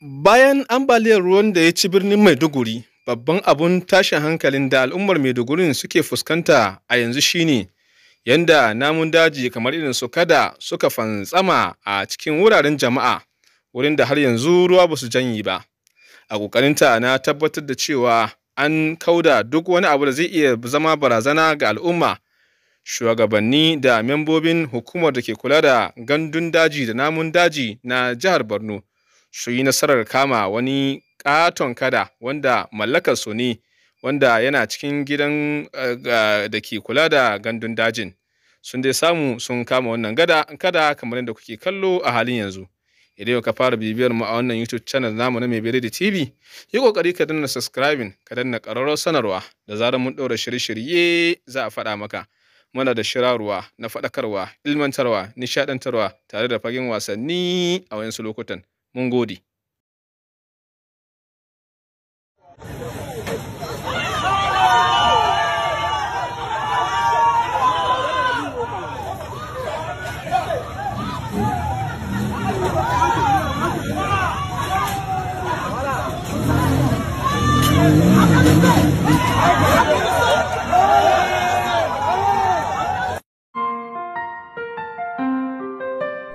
Bayan ambaliyar ruwan da ya ci birnin Maiduguri, babban abun tashin hankalin da al'ummar Maiduguri suke fuskanta a yanzu shine yanda namun daji kamar irin su kada suka fantsama a cikin wuraren jama'a, wurin da har yanzu ruwa ba su janyi ba. A ƙoƙarinta na tabbatar da cewa an kauda duk wani abu da zai iya zama barazana ga al'umma. Shugabanni da membobin hukumar da ke kula da gandun daji da namun daji na jihar Borno su yi nasarar kama wani katon kada wanda mallakar su ne wanda yana cikin gidan eh, eh, da ke kula da gandun dajin sun dai samu sun kama wannan gada kada kamar yadda kuke kallo a halin yanzu idan yau ka fara bibiyar mu a wannan YouTube channel namu na Mai da TV, yi kokari ka danna subscribing, ka danna ƙararrawar sanarwa da zarar mun ɗora shirye-shirye za a faɗa maka. Muna da shirarwa na faɗakarwa, ilmantarwa, nishaɗantarwa tare da fagen wasanni a wayansu lokutan. Mun gode.